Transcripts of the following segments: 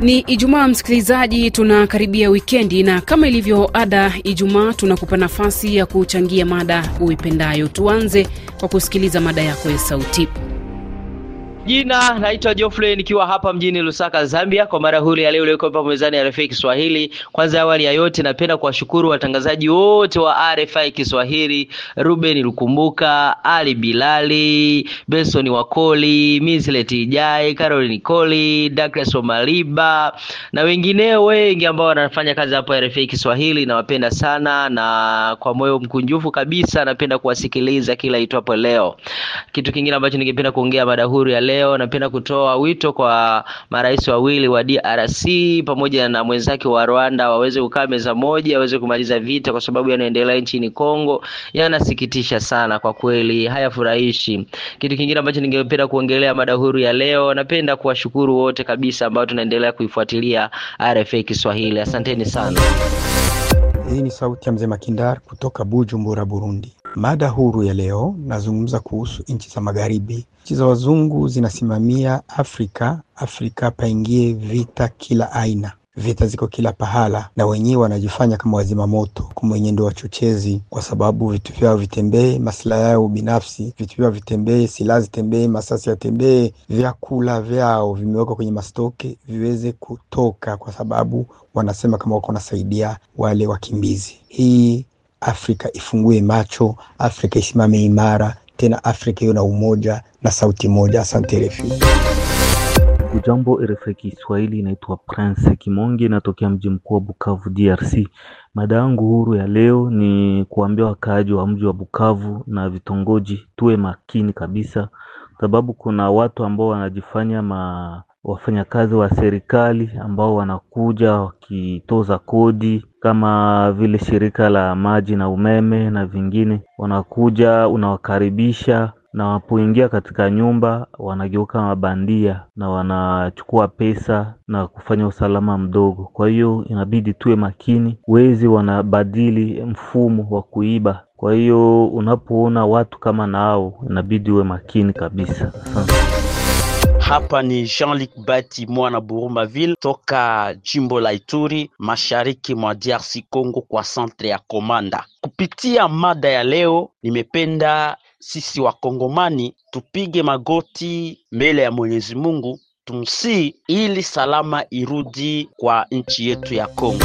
Ni Ijumaa, msikilizaji, tunakaribia wikendi, na kama ilivyo ada, Ijumaa tunakupa nafasi ya kuchangia mada uipendayo. Tuanze kwa kusikiliza mada yako ya sauti. Jina naitwa Geoffrey nikiwa hapa mjini Lusaka, Zambia, kwa mara huli ya leo iliyoko hapa mezani ya RFI Kiswahili. Kwanza awali ya yote, napenda kuwashukuru watangazaji wote wa RFI Kiswahili, Ruben Lukumbuka, Ali Bilali, Benson Wakoli, Mislet Ijai, Caroline Koli, Douglas Omaliba na wengineo wengi ambao wanafanya kazi hapa RFI Kiswahili. Nawapenda sana na kwa moyo mkunjufu kabisa napenda kuwasikiliza kila itwapo leo. Kitu kingine ambacho ningependa kuongea mada huru ya leo leo napenda kutoa wito kwa marais wawili wa DRC pamoja na mwenzake wa Rwanda waweze kukaa meza moja, waweze kumaliza vita, kwa sababu yanaendelea nchini Kongo yanasikitisha sana kwa kweli, hayafurahishi. Kitu kingine ambacho ningependa kuongelea mada huru ya leo, napenda kuwashukuru wote kabisa ambao tunaendelea kuifuatilia RFA Kiswahili. Asanteni sana. Hii ni sauti ya mzee Makindar kutoka Bujumbura, Burundi. Mada huru ya leo nazungumza kuhusu nchi za magharibi. Nchi za wazungu zinasimamia Afrika, Afrika paingie vita kila aina. Vita ziko kila pahala, na wenyewe wanajifanya kama wazima moto, kama wenyewe ndio wachochezi, kwa sababu vitu vyao vitembee, masilaha yao binafsi, vitu vyao vitembee, silaha zitembee, masasi yatembee, vyakula vyao vimewekwa kwenye mastoke viweze kutoka, kwa sababu wanasema kama wako wanasaidia wale wakimbizi. Hii Afrika ifungue macho, Afrika isimame imara, tena Afrika iwe na umoja na sauti moja. Asante refi. Jambo RFI Kiswahili, inaitwa Prince Kimonge, natokea mji mkuu wa Bukavu, DRC. Mada yangu huru ya leo ni kuambia wakaaji wa mji wa Bukavu na vitongoji tuwe makini kabisa, sababu kuna watu ambao wanajifanya ma wafanyakazi wa serikali ambao wanakuja wakitoza kodi kama vile shirika la maji na umeme na vingine, wanakuja unawakaribisha na wanapoingia katika nyumba wanageuka mabandia na wanachukua pesa na kufanya usalama mdogo. Kwa hiyo inabidi tuwe makini. Wezi wanabadili mfumo wa kuiba, kwa hiyo unapoona watu kama nao inabidi uwe makini kabisa. Hapa ni Jean-Luc Bati mwana Burumaville toka jimbo la Ituri mashariki mwa DRC Congo kwa centre ya Komanda. Kupitia mada ya leo, nimependa sisi wakongomani tupige magoti mbele ya Mwenyezi Mungu tumsii ili salama irudi kwa nchi yetu ya Kongo.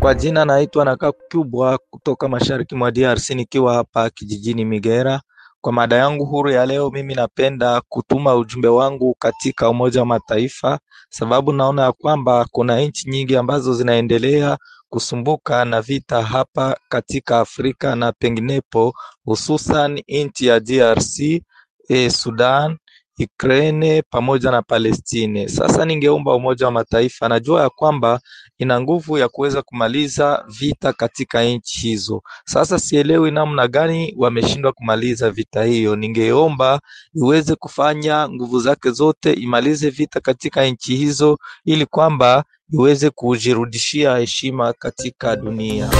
Kwa jina naitwa Naka Kubwa kutoka mashariki mwa DRC nikiwa hapa kijijini Migera. Kwa mada yangu huru ya leo, mimi napenda kutuma ujumbe wangu katika Umoja wa Mataifa, sababu naona ya kwamba kuna nchi nyingi ambazo zinaendelea kusumbuka na vita hapa katika Afrika na penginepo, hususan nchi ya DRC, eh, Sudan, Ukraine pamoja na Palestine. Sasa ningeomba Umoja wa Mataifa, najua ya kwamba ina nguvu ya kuweza kumaliza vita katika nchi hizo. Sasa sielewi namna gani wameshindwa kumaliza vita hiyo. Ningeomba iweze kufanya nguvu zake zote imalize vita katika nchi hizo, ili kwamba iweze kujirudishia heshima katika dunia.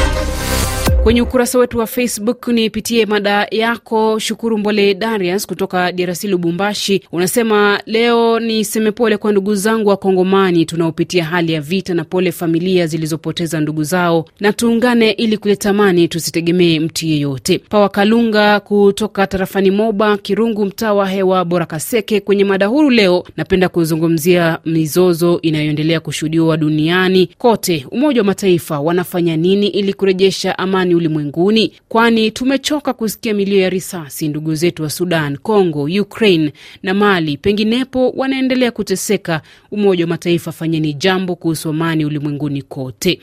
Kwenye ukurasa wetu wa Facebook nipitie mada yako. Shukuru Mbole Darius kutoka DRC Lubumbashi unasema leo niseme pole kwa ndugu zangu wa Kongomani tunaopitia hali ya vita, na pole familia zilizopoteza ndugu zao, na tuungane ili kuleta amani, tusitegemee mtu yeyote. Pawa Kalunga kutoka tarafani Moba Kirungu, mtaa wa hewa bora Kaseke, kwenye mada huru leo napenda kuzungumzia mizozo inayoendelea kushuhudiwa duniani kote. Umoja wa Mataifa wanafanya nini ili kurejesha amani amani ulimwenguni, kwani tumechoka kusikia milio ya risasi. Ndugu zetu wa Sudan, congo Ukraine na Mali penginepo wanaendelea kuteseka. Umoja wa Mataifa, fanyeni jambo kuhusu amani ulimwenguni kote.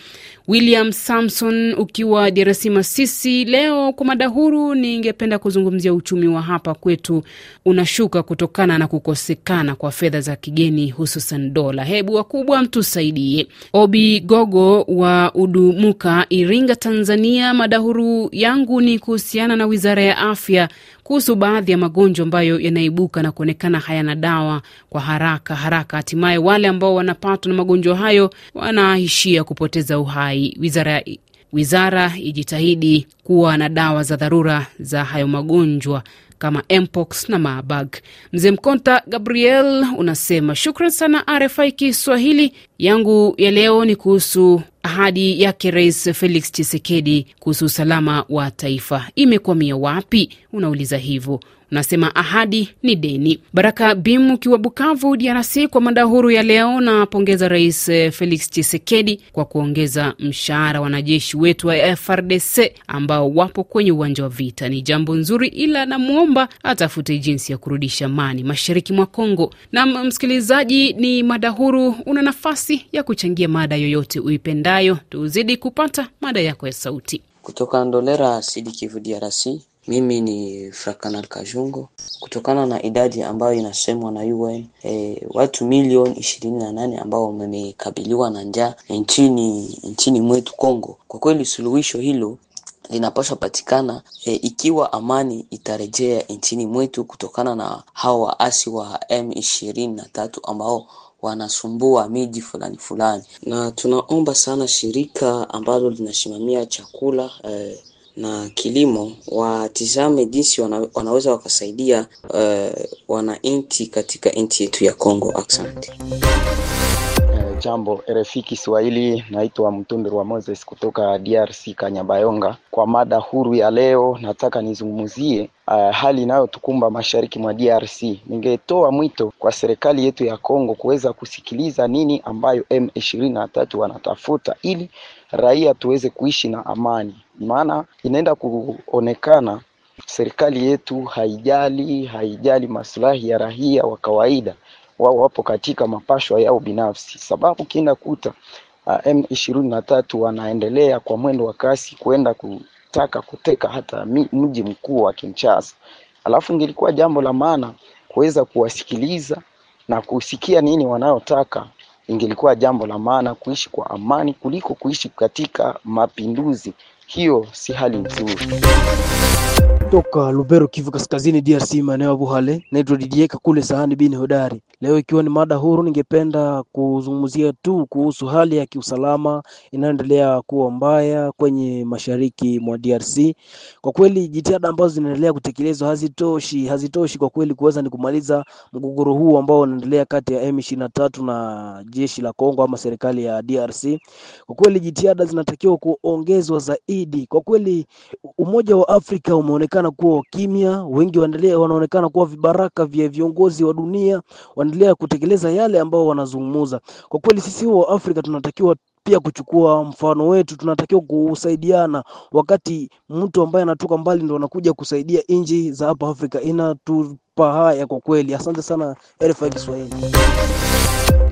William Samson ukiwa DRC Masisi, leo kwa mada huru, ningependa kuzungumzia uchumi wa hapa kwetu unashuka kutokana na kukosekana kwa fedha za kigeni, hususan dola. Hebu wakubwa mtusaidie. Obi Gogo wa Udumuka, Iringa, Tanzania mada huru yangu ni kuhusiana na wizara ya afya kuhusu baadhi ya magonjwa ambayo yanaibuka na kuonekana hayana dawa kwa haraka haraka. Hatimaye wale ambao wanapatwa na magonjwa hayo wanaishia kupoteza uhai. Wizara ya wizara ijitahidi kuwa na dawa za dharura za hayo magonjwa kama mpox na Marburg. Mzee Mkonta Gabriel unasema shukran sana RFI Kiswahili yangu ya leo ni kuhusu ahadi yake Rais Felix chisekedi kuhusu usalama wa taifa. Imekwamia wapi? Unauliza hivyo unasema ahadi ni deni. Baraka Bimu ukiwa Bukavu, DRC, kwa mada huru ya leo, napongeza Rais Felix chisekedi kwa kuongeza mshahara wanajeshi wetu wa FRDC ambao wapo kwenye uwanja wa vita. Ni jambo nzuri, ila namwomba atafute jinsi ya kurudisha mani mashariki mwa Kongo. Nam msikilizaji, ni mada huru, una nafasi nafasi ya kuchangia mada yoyote uipendayo. Tuzidi kupata mada yako ya sauti kutoka Ndolera Sidi Kivu, DRC. Mimi ni Frakanal Kajungo. Kutokana na idadi ambayo inasemwa na UN e, watu milioni ishirini na nane ambao wamekabiliwa na njaa nchini nchini mwetu Kongo, kwa kweli suluhisho hilo linapaswa patikana e, ikiwa amani itarejea nchini mwetu kutokana na hawa waasi wa M ishirini na tatu ambao wanasumbua miji fulani fulani, na tunaomba sana shirika ambalo linasimamia chakula eh, na kilimo watizame jinsi wana, wanaweza wakasaidia eh, wananchi katika nchi yetu ya Kongo. Asante. Jambo RFI Kiswahili, naitwa Mtundu wa Moses kutoka DRC Kanyabayonga. Kwa mada huru ya leo, nataka nizungumzie uh, hali inayotukumba mashariki mwa DRC. Ningetoa mwito kwa serikali yetu ya Kongo kuweza kusikiliza nini ambayo M23 wanatafuta ili raia tuweze kuishi na amani, maana inaenda kuonekana serikali yetu haijali, haijali maslahi ya raia wa kawaida wao wapo katika mapashwa yao binafsi, sababu kienda kuta ah, M23 wanaendelea kwa mwendo wa kasi kwenda kutaka kuteka hata mji mkuu wa Kinshasa. Alafu ingilikuwa jambo la maana kuweza kuwasikiliza na kusikia nini wanayotaka, ingelikuwa jambo la maana kuishi kwa amani kuliko kuishi katika mapinduzi. Hiyo si hali nzuri. Toka Lubero, Kivu Kaskazini, DRC, maeneo ya Buhale. Naitwa Didieka kule Sahani bin Hodari. Leo ikiwa ni mada huru, ningependa kuzungumzia tu kuhusu hali ya kiusalama inayoendelea kuwa mbaya kwenye mashariki mwa DRC. Kwa kweli jitihada ambazo zinaendelea kutekelezwa hazitoshi, hazitoshi kwa kweli kuweza ni kumaliza mgogoro huu ambao unaendelea kati ya M23 na jeshi la Kongo ama serikali ya DRC. Kwa kweli jitihada zinatakiwa kuongezwa zaidi. Kwa kweli Umoja wa Afrika umeonekana wanaonekana kuwa wakimya, wengi wanaonekana kuwa vibaraka vya viongozi wa dunia, wanaendelea kutekeleza yale ambao wanazungumza. Kwa kweli sisi wa Afrika tunatakiwa pia kuchukua mfano wetu, tunatakiwa kusaidiana. Wakati mtu ambaye anatoka mbali ndo anakuja kusaidia nchi za hapa Afrika, inatupa haya kwa kweli. Asante sana RFI Kiswahili.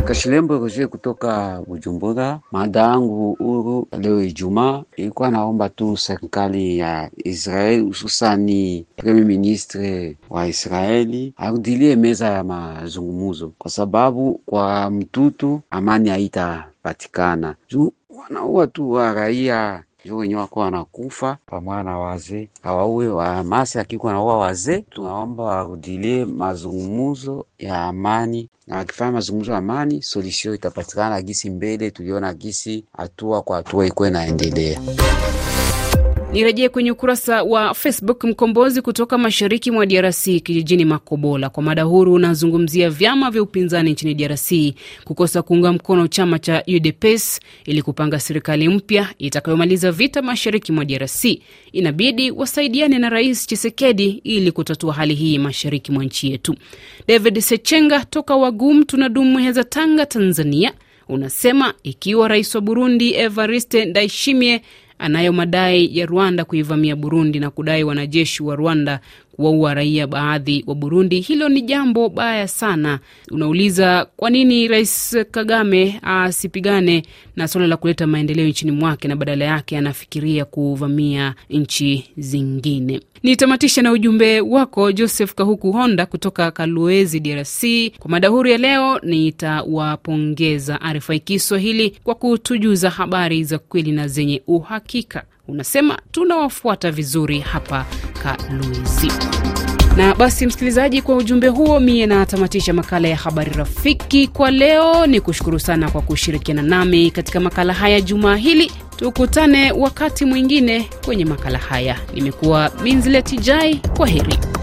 Kashilembo Roger kutoka Bujumbura. Mada yangu huru leo Ijumaa ilikuwa naomba tu serikali ya Israeli hususani premier ministre wa Israeli arudilie meza ya mazungumuzo, kwa sababu kwa mtutu amani haitapatikana juu wanaua tu wa raia jo wenyewe wako wanakufa pamoja na wazee hawauwe wamasi akikuwa naua wazee. Tunaomba warudilie mazungumuzo ya amani, na wakifanya mazungumuzo ya amani, solusio itapatikana gisi mbele tuliona gisi hatua kwa hatua ikuwe naendelea. Nirejee kwenye ukurasa wa Facebook. Mkombozi kutoka mashariki mwa DRC kijijini Makobola, kwa mada huru unazungumzia vyama vya upinzani nchini DRC kukosa kuunga mkono chama cha UDPS ili kupanga serikali mpya itakayomaliza vita mashariki mwa DRC. Inabidi wasaidiane na Rais Chisekedi ili kutatua hali hii mashariki mwa nchi yetu. David Sechenga toka Wagum tunadumheza Tanga, Tanzania unasema ikiwa rais wa Burundi Evariste Ndayishimiye anayo madai ya Rwanda kuivamia Burundi na kudai wanajeshi wa Rwanda kuwaua raia baadhi wa Burundi, hilo ni jambo baya sana. Unauliza kwa nini Rais Kagame asipigane na suala la kuleta maendeleo nchini mwake na badala yake anafikiria kuvamia nchi zingine. Nitamatisha na ujumbe wako Joseph Kahuku Honda kutoka Kaluezi, DRC. Kwa mada huru ya leo, nitawapongeza RFI Kiswahili kwa kutujuza habari za kweli na zenye uhakika unasema tunawafuata vizuri hapa Kaluizi. Na basi msikilizaji, kwa ujumbe huo, mie natamatisha makala ya habari rafiki kwa leo. Ni kushukuru sana kwa kushirikiana nami katika makala haya jumaa hili. Tukutane wakati mwingine kwenye makala haya. Nimekuwa Minzletijai, kwa heri.